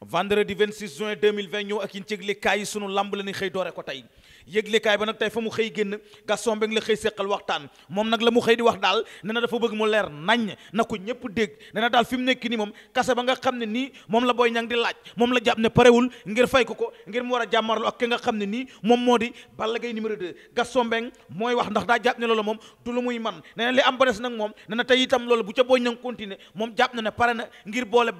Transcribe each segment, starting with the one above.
vendredi 26 juin 2020 ñëw ak yéen ci yëglekaay yi sunu lamb la ñuy xëy doore ko tey yëglekaay ba nag tey fa mu xëy génn Gaston la xëy seqal waxtaan moom nag la mu xëy di wax daal ne na dafa bëgg mu leer nañ na ko ñëpp dégg ne na daal fi nekk nii moom kase ba nga xam ne nii moom la Boy Niang di laaj moom la jàpp ko ko ngir mu a jàmmarlu ak nga xam ne nii moom moo di Balla Gaye numéro 2 mooy wax ndax daa jàpp ne loolu moom du lu muy man ne na li am ba des nag moom ne na tey itam loolu bu ca Boy Niang continuer moom na ne pare na ngir boole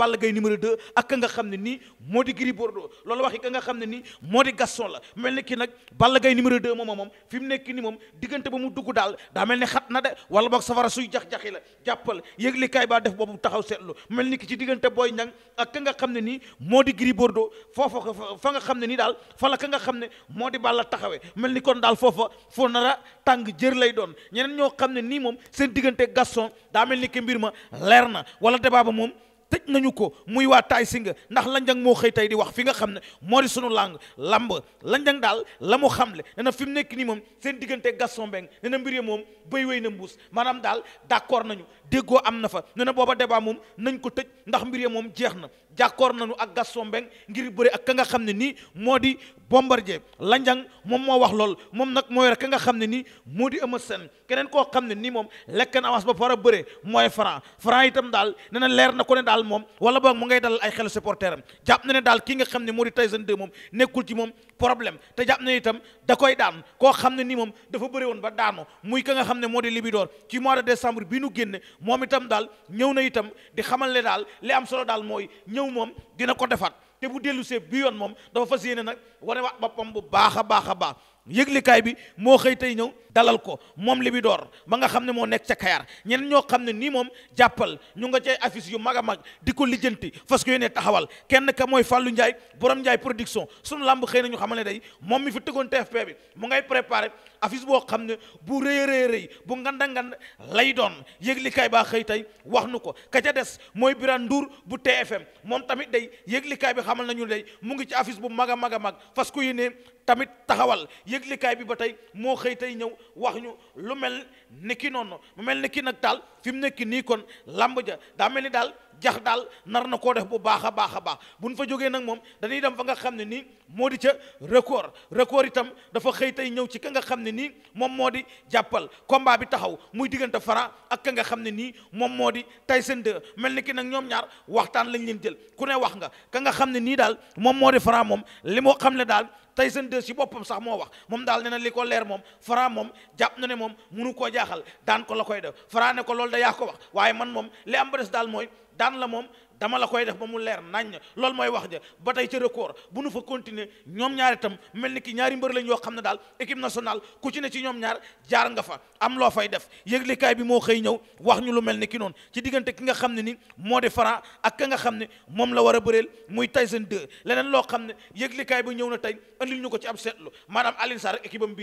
ni moo di Gris Bordeaux loolu waxi ka xam ne ni moo di la mel ni ki nag Balla Gaye numéro moom moom fi mu nekk ni moom ba mu dugg daal daa mel ne xat na de wala boog safara suy jax-jaxi la jàppal yëgli kaay baa def boobu taxaw seetlu mel ni ki ci diggante Boy ak ka nga xam ne nii moo di Gris Bordeaux foofa fa nga xam ne ni daal fa ka nga xam ne moo di Balla taxawee mel ni kon daal foofa foo nara tàng jër lay doon ñeneen ñoo xam ne nii moom seen diggante Gaston daa mel ni ki mbir ma leer na wala débat ba moom tëj nañu ko muy waa taay si nga ndax lanjang moo xëy tey di wax fi nga xam ne moo di sunu làng lamb lanjang daal la mu xam le na fi mu nekk nii moom seen diggante Gaston Mbengue ne na mbir moom béy wéy na mbuus maanaam daal d'accord nañu déggoo am na fa ne na booba débat moom nañ ko tëj ndax mbir moom jeex na jàkkoor nañu ak Gaston Mbengue ngir bëri ak ka nga xam ne nii moo di Bombardier lanjang moom moo wax lool moom nag mooy yore ka nga xam ne nii moo di Eumeu Sène keneen koo xam ne nii moom lekk na avance ba fara bëre mooy Franc Franc itam daal nee na leer na ko ne daal moom wala boog mu ngay dalal ay xelu supporter jàpp na ne daal ki nga xam ne moo di Tyson 2 moom nekkul ci moom problème te jàpp na itam da koy daan koo xam ne ni moom dafa bëri woon ba daanu muy ka nga xam ne moo di Libidor ci mois de décembre bi nu génne moom itam daal ñëw na itam di xamal ne daal li am solo daal mooy ñëw moom dina ko defaat te bu dellusee bii yoon moom dafa fas yéene nag wane ba boppam bu baax a baax a baax yëglikaay bi moo xëy tey ñëw dalal ko moom li bi door ba nga xam ne moo nekk ca kayaar ñeneen ñoo xam ne nii moom jàppal ñu nga cay affiche yu mag a mag di ko lijjanti fas ko yéene taxawal kenn ka mooy Fallou Ndiaye borom njaay production sunu làmb xëy nañu ñu xamal ne day moom mi fi tëggoon TFP bi mu ngay préparé affiche boo xam ne bu rëy rëy rëy bu nganda ngand lay doon yëglikaay baa xëy tey wax nu ko ka ca des mooy Birane nduur bu TFM moom tamit day yëglikaay bi xamal nañu day mu ngi ci affiche bu mag a mag a mag fas ko yéene tamit taxawal yëglikaay bi ba tey moo xëy tey ñëw wax ñu lu mel ni ki noonu mu mel ni ki nag daal fi mu nekk nii kon làmb ja daa mel ni daal jax daal nar na koo def bu baax a baax a baax buñ fa jógee nag moom dañuy dem fa nga xam ne nii moo di ca record record itam dafa xëy tey ñëw ci ka nga xam ne nii moom moo di jàppal combat bi taxaw muy diggante Franc ak ka nga xam ne nii moom moo di Tyson 2 mel ni ki nag ñoom ñaar waxtaan leen jël ku ne wax nga ka nga xam ne nii daal moom moo di Franc moom li moo xam ne daal Tyson 2 si boppam sax moo wax moom daal ne na li ko leer moom Franc moom jàpp na ne moom munu koo jaaxal daan ko la koy def Franc ne ko loolu da yaa ko wax waaye man moom li am ba des daal mooy daan la moom dama la koy def ba mu leer nañ loolu mooy wax ja ba tey ca record bu nu fa continuer ñoom ñaar itam mel ni ki ñaari mbër lañ yoo xam ne daal équipe nationale ku ci ne ci ñoom ñaar jaar nga fa am loo fay def yëglikaay bi moo xëy ñëw wax ñu lu mel ni ki noonu ci diggante ki nga xam ne ni moo di Franc ak ka nga xam ne moom la war a bëreel muy Tyson 2 leneen loo xam ne yëglikaay bi ñëw na tey andil ñu ko ci ab seetlu maanaam Alioune Sarr équipe am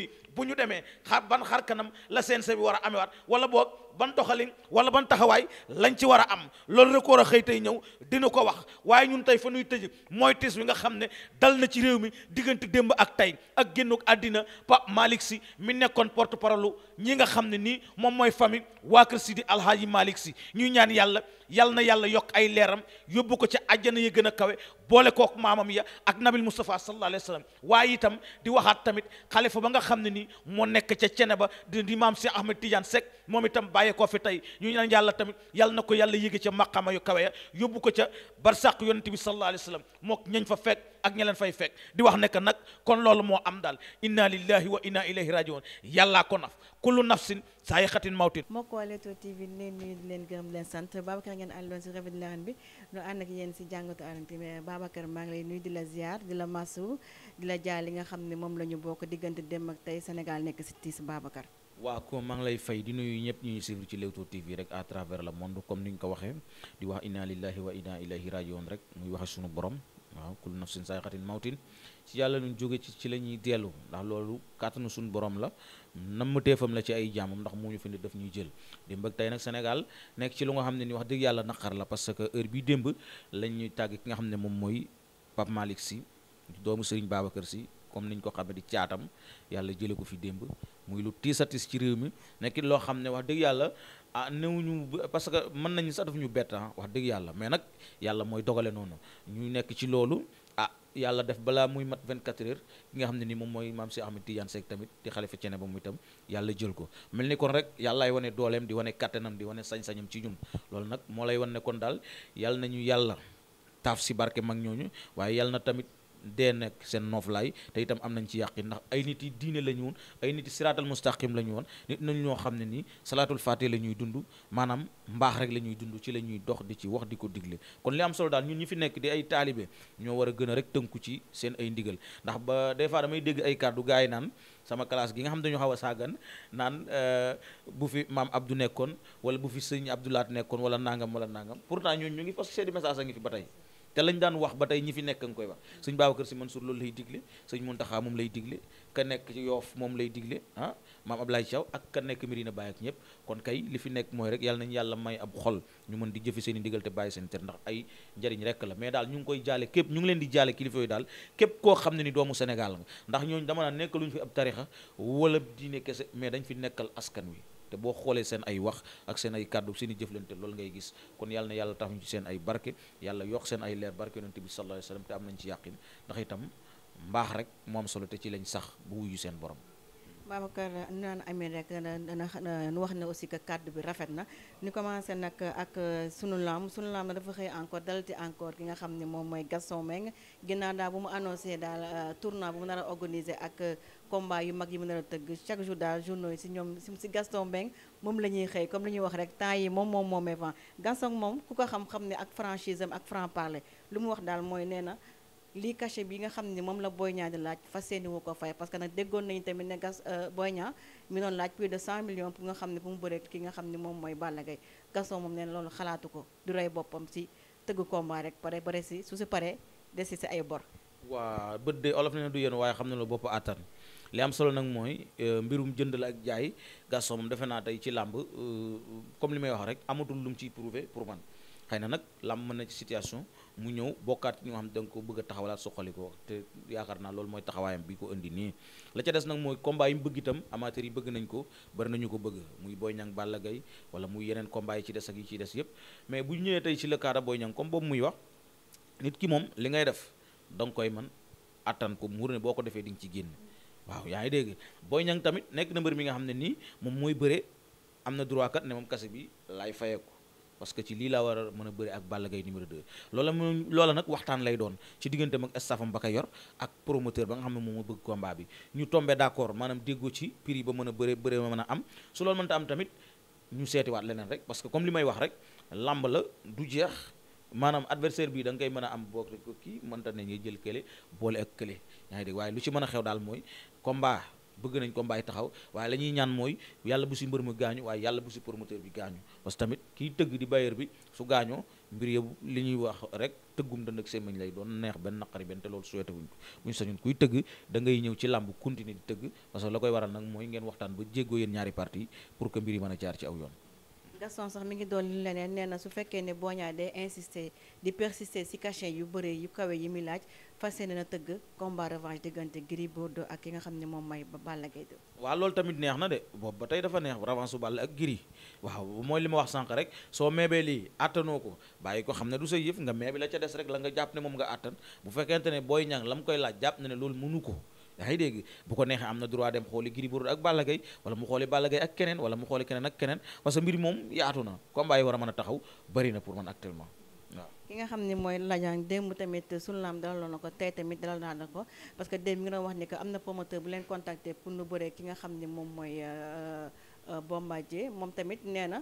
ñu demee xar ban xar kanam la CNG bi war a amewaat wala boog ban doxalin wala ban taxawaay lañ ci war a am loolu war a xëy tey ñëw dina ko wax waaye ñun tey fa nuy tëj mooy tiis wi nga xam ne dal na ci réew mi diggante démb ak tey ak génnuk àddina pa Malick si mu nekkoon porte-parole ñi nga xam ne nii moom mooy famille waa kër si di Alhaaji Malick Sy ñuy ñaan yàlla yal na yàlla yokk ay leeram yóbbu ko ca àjjana yi gën a kawe boole kook maamam ya ak nabil Moustapha sallallahu alayhi wa sallam waaye itam di waxaat tamit xalifa ba nga xam ne nii moo nekk ca cene ba di maam si Ahmed Tidiane Seck moom itam bàyyee koo fi tey ñu ñaan yàlla tamit yal na ko yàlla yéege ca maqama yu kawe ya yóbbu ko ca barsàq yonent bi sallallahu alayhi wa mook ñañ fa fekk ak ña leen fay fekk di wax nekk nag kon loolu moo am daal inna lillahi wa inna ilayhi rajiun yàllaa ko naf kullu nafsin saa yi mawtin moo ko Leewtoo TV leen nuyu di leen gërëm leen sant Babacar ngeen àndoon si revue de l'arène bi nu ànd ak yéen si jàngatu arène bi Babacar maa ngi lay nuyu di la ziar di la masu di la jaar li nga xam ne moom la ñu bokk diggante dem ak tey Sénégal nekk si tiis Babacar waa ko maa ngi lay fay di nuyu ñëpp ñuy suivre ci Leewtoo TV rek à travers le comme ni ñu ko waxee di wax inna lillahi wa inna ilayhi rajiun rek muy waxe sunu borom waaw kullu nafsin zaa'iqatul mawtin ci yàlla ñu jóge ci ci la ñuy dellu ndax loolu kàttanu suñu borom la namm teefam la ci ay jaamam ndax moo ñu fi ne daf ñuy jël démb ak tey nag Sénégal nekk ci lu nga xam ne ni wax dëgg yàlla naqar la parce que heure bi démb lañ ñuy tàgg ki nga xam ne moom mooy Pape Malick Sy doomu Serigne kër si comme niñ ko xamee di caatam yàlla jële ko fi démb muy lu tiisatis ci réew mi nekkit loo xam ne wax dëgg yàlla ah newuñu parce que mën nañu sax daf ñu bett ah, wax dëgg yàlla mais nag yàlla mooy dogale noonu ñu nekk ci loolu ah yàlla def balaa muy mat 24 heures ki nga xam ne ni moom mooy maam si Ahmed Tidiane Seck tamit di xalifa cene ba muy tam yàlla jël ko mel ni kon rek yàllaay wane dooleem di wane kattanam di wane sañ-sañam ci ñun loolu nag moo lay wan ne kon daal yàlla nañu yàlla taaf si barke mag ñooñu waaye yàlla na tamit dee nekk seen nooflaay te itam am nañ ci yàqin ndax ay nit yi diine la ñu woon ay nit yi siraatal mustaqim la ñu woon nit nañ ñoo xam ne nii salaatul faatih la ñuy dund maanaam mbaax rek la ñuy dund ci la ñuy dox di ci wax di ko digle kon li am solo daal ñun ñi fi nekk di ay taalibe ñoo war a gën a rek tënku ci seen ay ndigal ndax ba des fois damay dégg ay kàddu gaay naan sama classe gi nga xam dañu xaw a saagan naan euh, bu fi maam Abdou nekkoon wala bu fi sëñ Abdoulaat wala nangam wala nangam pourtant ñooñu ñu ngi parce que seen a ngi fi ba tey te lañ daan wax ba tey ñi fi nekk nga koy wax sëñ Babacar Sy Mansour loolu lay digle sëñ Mountakha moom lay digle ka nekk ci moom lay digle ah maam Ablaye Thiaw ak ka nekk Medina Baye ak ñëpp kon kay li fi nekk mooy rek yàlla nañ yàlla may ab xol ñu mën di jëfe seen i digal te bàyyi seen ter ndax ay njariñ rek la mais daal ñu ngi koy jaale képp ñu ngi leen di jaale kilifa yooyu daal képp koo xam ne ni doomu Sénégal nga ndax ñooñu dama naan nekkaluñu fi ab tarixa wala diine kese mais dañ fi nekkal askan wi boo xoolee seen ay wax ak seen ay kàddu seen jëflante loolu ngay gis kon yàlla yàlla tax ñu ci seen ay barke yàlla yokk seen ay leer barke yonente bi sallallahu alayhi te am nañ ci yàqin ndax itam mbaax rek moom solo te ci lañ sax bu wuyu seen borom Babacar naan amee rek nu wax ne aussi que kàddu bi rafet na ni commencé nag ak sunu laam sunu laam na dafa xëy encore dalati encore ki nga xam ne moom mooy Gaston Mbengue ginnaaw daal bu mu annoncé daal euh, tournoi bu mu nar a organisé ak combat yu mag yi mu nar a tëgg chaque jour daal journaux yi si ñoom si Gaston Mbengue moom la ñuy xëy comme li ñuy wax rek temps yi moom moom moomee vent Gaston moom ku ko xam-xam ne ak franchise am ak franc parler lu mu wax daal mooy nee na lii cachet bi nga xam ne moom la Boy Niang di laaj fas yéene wu ko fay parce que nag déggoon nañu tamit ne gas euh, Boy Niang mi doon laaj plus de 100 millions pour nga xam ne bu mu bëree ki nga xam ne moom mooy Balla Gaye Gaston moom nee na ko du rey boppam si tëgg combat rek pare bare si su si paree des si ay bor. waa bët de olof na du yéen waaye xam na la bopp attan li am solo nag mooy euh, mbirum jënd la ak jaay Gaston defe naa tey ci làmb euh, comme li may wax rek amatul lu ci ciy pour man. xëy na nag lam mën na ci situation mu ñëw bokkaat ñoo xam da nga ko bëgg a taxawalaat soxali te yaakaar naa loolu mooy taxawaayam bi ko indi nii la ca des nag mooy combat yi bëgg itam amateur yi bëgg nañ ko bari nañu ko bëgg muy Boy Niang Balla gay wala muy yeneen combat yi ci des ak yi ci des yëpp mais bu ñëwee tey ci le cadre Boy Niang comme boobu muy wax nit ki moom li ngay def da nga koy man attan ko muur ne boo ko defee di nga ci génn waaw yaa ngi dégg Boy Niang tamit nekk na mbër mi nga xam ne nii moom mooy bëre am na droit kat ne moom kase bi laay fayeeku parce que ci lii laa war a mën a bëri ak Balla Gaye numéro 2 loola moom loola nag waxtaan lay doon ci digganteem ak staffam ba ko yor ak promoteur ba nga xam ne moom moo bëgg combat bi ñu tombé d'accord maanaam déggoo ci prix ba mën a bëre bëre ma mën a am su loolu mënta am tamit ñu seetiwaat leneen rek parce que comme li may wax rek làmb la du jeex maanaam adversaire bi danga nga koy mën a am boog rek kii mënta ne ngay jël kële boole ak kële yaa ngi dégg waaye lu ci mën a xew daal mooy combat bëgg nañ ko yi taxaw waaye la ñuy ñaan mooy yàlla bu si mbër mu gaañu waaye yàlla bu si promoteur bi gaañu parce que tamit kiy tëgg di bailleur bi su gaañoo mbir yëpp li ñuy wax rek tëggum dënd ak semmañ lay doon neex benn naqari benn te loolu souhaité wuñ ko buñ sañun kuy tëgg da ngay ñëw ci làmb continuer di tëgg parce que la koy waral nag mooy ngeen waxtaan ba jéggoo yéen ñaari parti pour que mbir yi mën a jaar ci aw yoon Gaston sax mi ngi doon leneen nee na su fekkee ne Boña day insister di persister ci cachet yu bëree yu kawee yi muy laaj fas yéene na tëgg combat revanche diggante Gris Bordeaux ak ki nga xam ne moom may Balla Gaye de. waaw loolu tamit neex na de boob ba tey dafa neex revanche su Balla ak Gris waaw mooy li ma wax sànq rek soo meebee lii àttanoo ko bàyyi ko xam ne du sa yëf nga meebi la ca des rek la nga jàpp ne moom nga àttan bu fekkente ne Boy Niang la mu koy laaj jàpp na ne loolu mënu ko. yaa ngi dégg bu ko neexee am na droit dem xooli Gris Bordeaux ak Balla Gaye wala mu xooli Balla Gaye ak keneen wala mu xooli keneen ak keneen parce que mbir moom yaatu na combat yi a mën a taxaw bëri na pour man actuellement waaw. ki nga xam ne mooy lajaan démb tamit sunu laam dalaloon na ko tey tamit dalal na ko parce que démb mi nga wax ni que am na promoteur bu leen contacter pour nu bëree ki nga xam ne moom mooy euh, euh, Bombardier moom tamit nee na.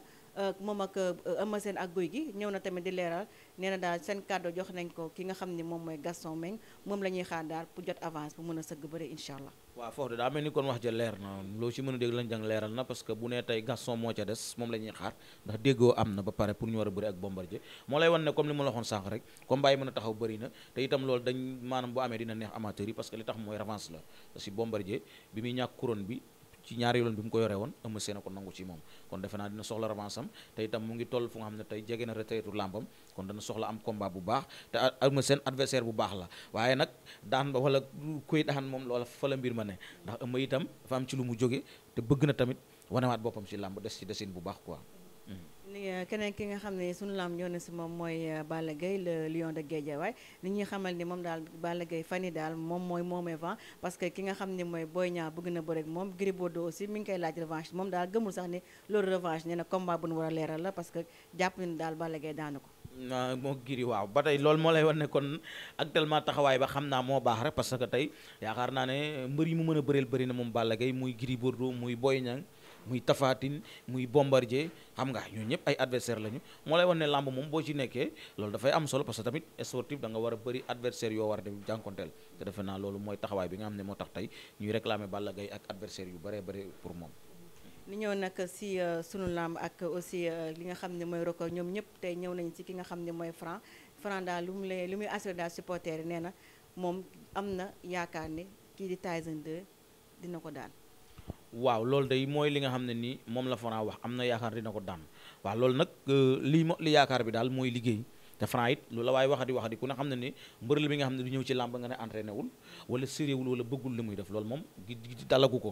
moom ak euh, Eumeu Sène ak Gouye Gui ñëw na tamit di leeral nee na daal seen kàddu jox nañ ko ki nga xam ni moom mooy Gaston Mbengue moom la ñuy xaar daal pour jot avance bu mën a sëgg bëre incha allah waaw foofu daa mel ni kon wax ja leer na loo ci mën a dégg lañ jàng leeral na parce que bu nee tey Gaston moo ca des moom la ñuy xaar ndax déggoo am na ba pare pour ñu war a bëri ak Bombardier moo lay wan ne comme li ma la waxoon rek combat yi mën a taxaw na te loolu dañ maanaam bu amee dina neex amateurs yi parce que li tax mooy revanche la si Bombardier bi bi ci ñaari yoon bi mu ko yore woon ama Sène ko nangu ci moom kon defe naa dina soxla revanche te itam mu ngi toll fu nga xam ne tey jege na retraite làmbam kon dana soxla am combat bu baax te Eumeu Sène adversaire bu baax la waaye nag daan ba wala kuy daan moom loola fa la mbir ma ne ndax ama itam dafa am ci lu mu jóge te bëgg na tamit wanewaat boppam ci làmb des ci desin bu baax quoi hmm. li eh, keneen ki nga xam ne sunu laam ñoo ne si moom mooy eh, Balla Gaye le lion de Guédiawaye ni ñuy xamal ni moom daal Balla Gaye fan yi daal moom mooy moomee vent parce que ki nga xam ne mooy Boy Niang bëgg na bëre moom Gris Bordeaux aussi ngi koy laaj revanche moom daal gëmul sax ni loolu revanche nee a leeral que jàpp ni daal Balla Gaye ko na waaw ba tey loolu moo lay wan ne kon actuellement taxawaay ba xam naa moo baax rek parce que tey yaakaar naa ne mbër yi mu mën a bëreel bëri na moom Balla Gaye muy Gris Bordeaux muy Boy Niang muy Tafatine muy Bombardier xam nga ñoo ñëpp ay adversaire lañu moo lay wan ne làmb moom boo ci nekkee loolu dafay am solo parce que tamit sportif da nga war a bëri adversaire yoo war a def jànkonteel te defe naa loolu mooy taxawaay bi nga xam ne moo tax tey ñuy réclamer Balla Gaye ak adversaire yu bëree bëri pour moom ni ñëw nag si euh, sunu làmb ak aussi euh, li nga xam ne mooy record ñoom ñëpp tey ñëw nañ ci ki nga xam ne mooy Franc Franc daal lu mu lay lu muy assuré daal supporter yi na moom am na yaakaar ne kii di Tyson 2 dina ko daan waaw loolu day mooy li nga xam ne nii moom la Franc wax am na yaakaar dina ko daan waaw loolu nag euh, lii mo li yaakaar bi daal mooy liggéey te Franc it lu la waaye wax di wax di ku ne xam ne ni mbër la bi nga xam ne du ñëw ci làmb nga ne entraîné wul wala sérieux wul wala bëggul li muy def loolu moom gi dalagu ko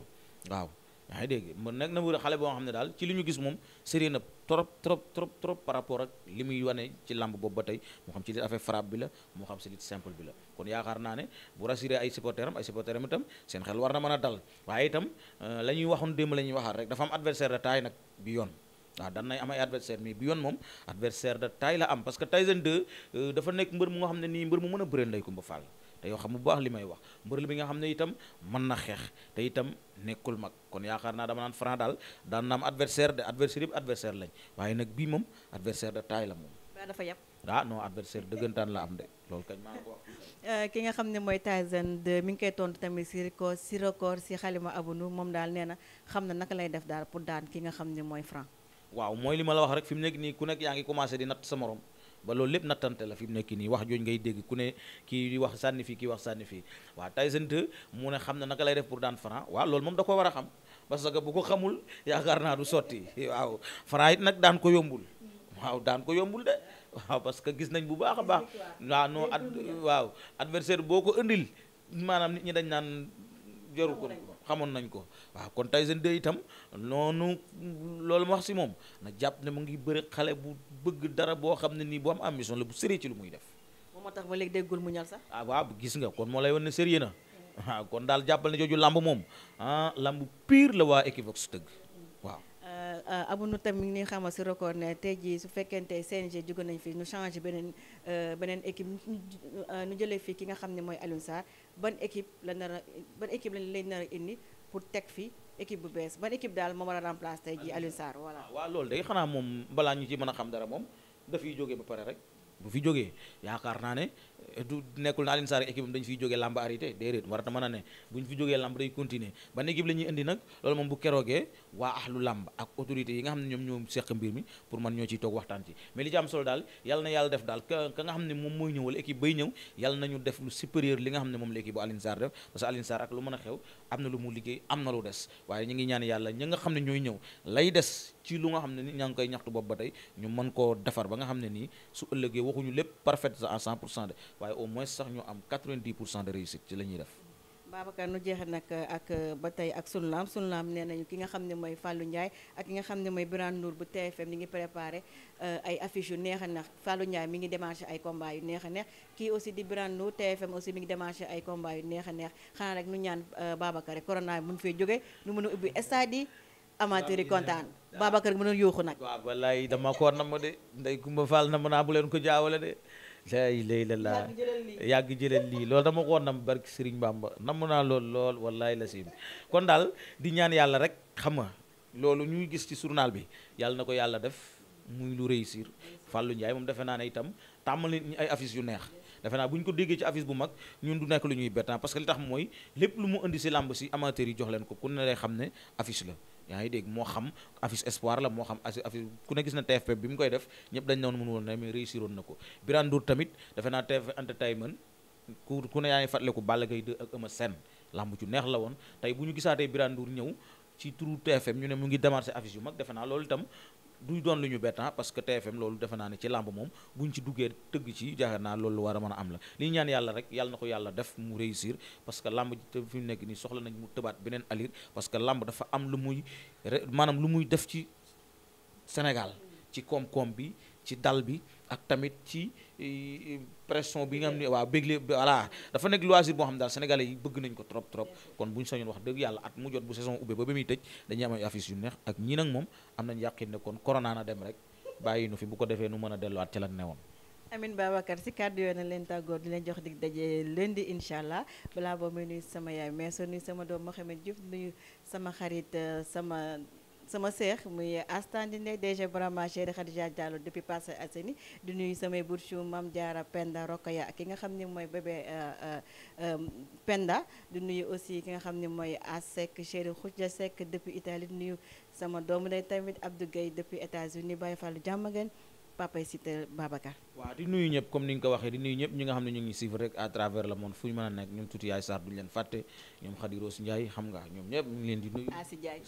waaw yaa ngi dégg man na na wër xale boo xam ne daal ci li ñu gis moom sérieux na trop trop trop trop par rapport ak li muy wane ci làmb boobu ba tey moo xam ci li affaire frappe bi la moo xam ci li simple bi la kon yaakaar naa ne bu rassuré ay supporter am ay supporter itam seen xel war na mën a dal waaye itam euh, la ñuy waxoon démb la ñuy waxaat rek dafa am adversaire de taille nag bi yoon waaw dan nay am ay adversaire mais bi yoon moom adversaire de taille am parce que Tyson 2 euh, dafa nekk mbër mu xam ne nii mbër mu mën a bëreel lay Kumba Fall te yow xam bu baax li may wax mbër bi nga xam ne itam man na xeex te itam nekkul mag kon yaakaar naa dama naan Franc daal daan na am adversaire de adversaire yëpp adversaire lañ waaye nag bii moom adversaire de taille la moom. dafa yab ah non adversaire dëggantaan la am de loolu kañ maa ko wax. Eh, ki nga xam ne mooy Tyson 2 mi ngi koy tontu tamit si record si record si xalima abunu moom daal nee na xam na naka lay def daal pour daan ki nga xam ne mooy Franc. waaw mooy li ma la wax rek fi mu nekk nii ku nekk yaa ngi commencé di natt sa morom. ba loolu lépp nattante la fi mu nekk nii wax jooju ngay dégg ku ne kii di wax sànni fii kii wax sànni fii waaw Tyson 2 mu ne xam na naka lay def pour daan Franc waaw loolu moom da ko war a xam parce que bu ko xamul yaakaar naa du sotti waaw Franc it nag daan ko yombul waaw daan ko yombul de waaw parce que gis nañ bu baax a baax waaw noo ad waaw adversaire boo ko indil maanaam nit ñi dañ naan jaru ko xamoon nañ ko waaw kon Tyson 2 itam noonu loolu ma wax si moom na jàpp ne mu ngi bëri xale bu bëgg dara boo xam ne nii bu am ambition la bu sérieux ci lu muy def. moom moo tax ba léegi déggul mu ñal sax. ah waaw gis nga kon moo lay wan ne sérieux na. waaw ah, kon daal jàppal ne jooju lamb moom ah lamb pire la waa Equivox tëgg. Euh, abu nu tam mi ngi xamal si record ne tey jii su fekkente CNG jóge nañ fi nu changé beneen euh, beneen équipe nu euh, jëlee fii ki nga xam ne mooy Alioune Sarr ban équipe la nar a ban équipe lañ lañ nar a indi pour teg fi équipe bu bees ban équipe daal moo war a remplacer tey jii Alioune Sarr voilà. Ah, waaw loolu day xanaa moom balaa ñu ci mën a xam dara moom dafiy jóge ba pare rek. bu fi jógee yaakaar naa ne eh, du nekkul naa leen saar équipe am dañu fiy jógee làmb arrêté déedéet war na mën a ne bu ñu fi jógee làmb day continuer ban équipe la ñuy indi nag loolu moom bu keroogee waa ahlu làmb ak autorités yi nga xam ne ñoom ñoo seq mbir mi pour man ñoo ciy toog waxtaan ci mais li ci am solo daal yal na yàlla def daal ka nga xam ne moom mooy ñëw wala équipe bay ñëw yal nañu def lu supérieur li nga xam ne moom la équipe bu Alioune Sarr def parce que Alioune Sarr ak a xew mu liggéey am na lu des waaye ñu ngi ñaan yàlla ñi nga xam ne ñooy ñëw ci lu nga xam ne ni ñaa ngi koy ñaxtu bopp ba tey ñu mën koo defar ba nga xam ne nii su ëllëgee waxuñu lépp parfait à 100 pour cent de waaye au moins sax ñu am la ñuy def. Babacar nu jeexe nag ak ba tey ak sunu laam sunu laam ki nga xam ne mooy Fallou Ndiaye ak ki nga xam ne mooy Birane Ndour bu TFM ñu ngi préparé euh, ay affiches yu neex a neex Fallou Ndiaye mi ngi démarché ay combats yu neex a neex kii aussi di Birane Ndour TFM aussi mi ngi démarché ay combats yu neex a neex xanaa rek nu ñaan euh, Babacar corona bi mun fee jóge amateur yi kontaan Babacar mu doon yuuxu nag. waaw wallaay dama ko nam de ndey Kumba Fall nam naa bu leen ko jaawale de. lay lay la laa yàgg jëlal lii loolu dama ko nam barki Serigne Bamba nam naa lool lool wallaay la siim kon daal di ñaan yàlla rek xam nga loolu ñuy gis ci journal bi yàlla na ko yàlla def muy lu réussir Fallou Ndiaye moom defe naa ne itam tàmmali ay affiches yu neex defe naa bu ñu ko déggee ci affiche bu mag ñun du nekk lu ñuy bettan parce que li mooy lépp lu mu indi si làmb si amateur yi jox leen ko ku ne lay xam ne affiche la yaa ngi dégg moo xam affice espoir la moo xam affiche ku ne gis na TFP bi mu koy def ñëpp dañ noon mënu woon ne mais réussir na ko Birane Ndour tamit defe naa TFP entertainment ku ku ne yaa ngi fàttaliku Balla Gaye 2 ak Eumeu Sène lamb ju neex la woon tey bu ñu gisaatee Birane Ndour ñëw ci turu TFM ñu ne mu ngi démarché affiche yu mag defe naa loolu itam duy doon lu ñu bettan ah, parce que TFM loolu defe naa ne ci làmb moom buñ ci duggee tëgg ci jaaxar naa loolu war a mën a am la li ñaan yàlla rek yàlla na ko yàlla def mu réussir parce que làmb te fi mu nekk nii soxla nañ mu tëbaat beneen alir parce que làmb dafa am lu muy maanaam lu muy def ci Sénégal ci koom-koom bi ci dal bi ak tamit ci pression bi nga xam ne waaw bégle voilà dafa nekk loisir boo xam daal sénégalais yi bëgg nañ ko trop trop kon bu ñu sañoon wax dëgg yàlla at mu jot bu saison ubbee ba ba muy tëj dañuy am ay a ci la newoon leen tàggoor di leen jox dig daje lundi incha allah balaa boobu may nuyu sama yaay mais soo nuyu sama doom Mouhamed Diouf nuyu sama xarit euh, sama sama seex muy astandine DG Brahma Chéri Khadija Diallo depuis Parcelles Assainies di nuyu samay bourchou Mame Diarra Penda ak ki nga xam ne mooy bébé euh, euh, euh, Penda di nuyu aussi ki nga xam ni mooy Asek Chéri Khoudia Seck depuis Italie di nuyu sama doomu day tamit Abdou Gueye depuis États-Unis Baye Fallou Diamaguène papay Siteu Babacar. waaw di nuyu ñëpp comme ni nga ko waxee di nuyu ñëpp ñi nga xam ne ñu ngi suivre rek à travers le monde fu ñu mën a nekk ñoom tuuti yaay Sarr duñu leen fàtte ñoom Khady Rose Ndiaye xam nga ñoom ñëpp ñu leen di nuyu. Asi Ndiaye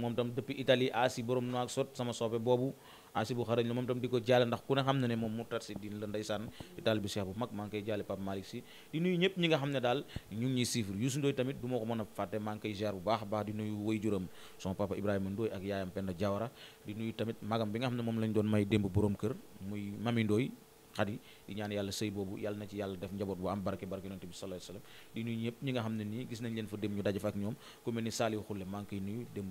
moom tam depuis Italie Asi borom noo ak sot sama soppe boobu Aasibu xarañ la moom tam di ko jaale ndax ku ne xam na ne moom mu tarsi din la ndeysaan di taal bi Cheikh bu mag maa ngi koy jaale Pape Malick Sy di nuyu ñëpp ñi nga xam ne daal ñu ngi ñuy suivre Youssou tamit du ma ko mën a fàtte maa ngi koy jaar bu baax a baax di nuyu waajuram son papa Ibrahima Ndoye ak yaayam Penda Diawara di nuyu tamit magam bi nga xam ne moom lañ doon may démb borom kër muy Mami Ndoye xadi di ñaan yàlla sëy boobu yàlla na ci yàlla def njaboot bu am barke barke yonent bi sallallahu alayhi wasallam di nuyu ñëpp ñi nga xam ne nii gis nañ leen fa dem ñu daje fa ak ñoom ku mel ni Saliou Khoule maa ngi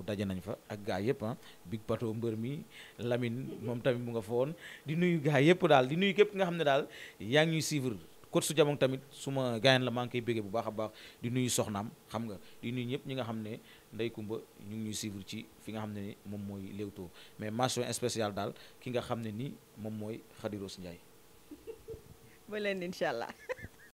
daje nañ fa ak gaa yëpp ah Big Pato mi Lamine moom tamit mu nga fa woon di nuyu gaa yëpp daal di nuyu képp nga xam ne daal yaa ngi ñuy suivre kot su jamono tamit su ma gaayan la maa bu baax a baax di nuyu soxnaam xam nga di nuyu ñëpp ñi nga xam ne Ndey Kumba ñu ngi ñuy suivre ci fi nga xam ne ni moom mooy Leewtoo mais mention spéciale daal ki nga xam ne ni moom mooy Khady Rose Ndiaye ba leen incha allah.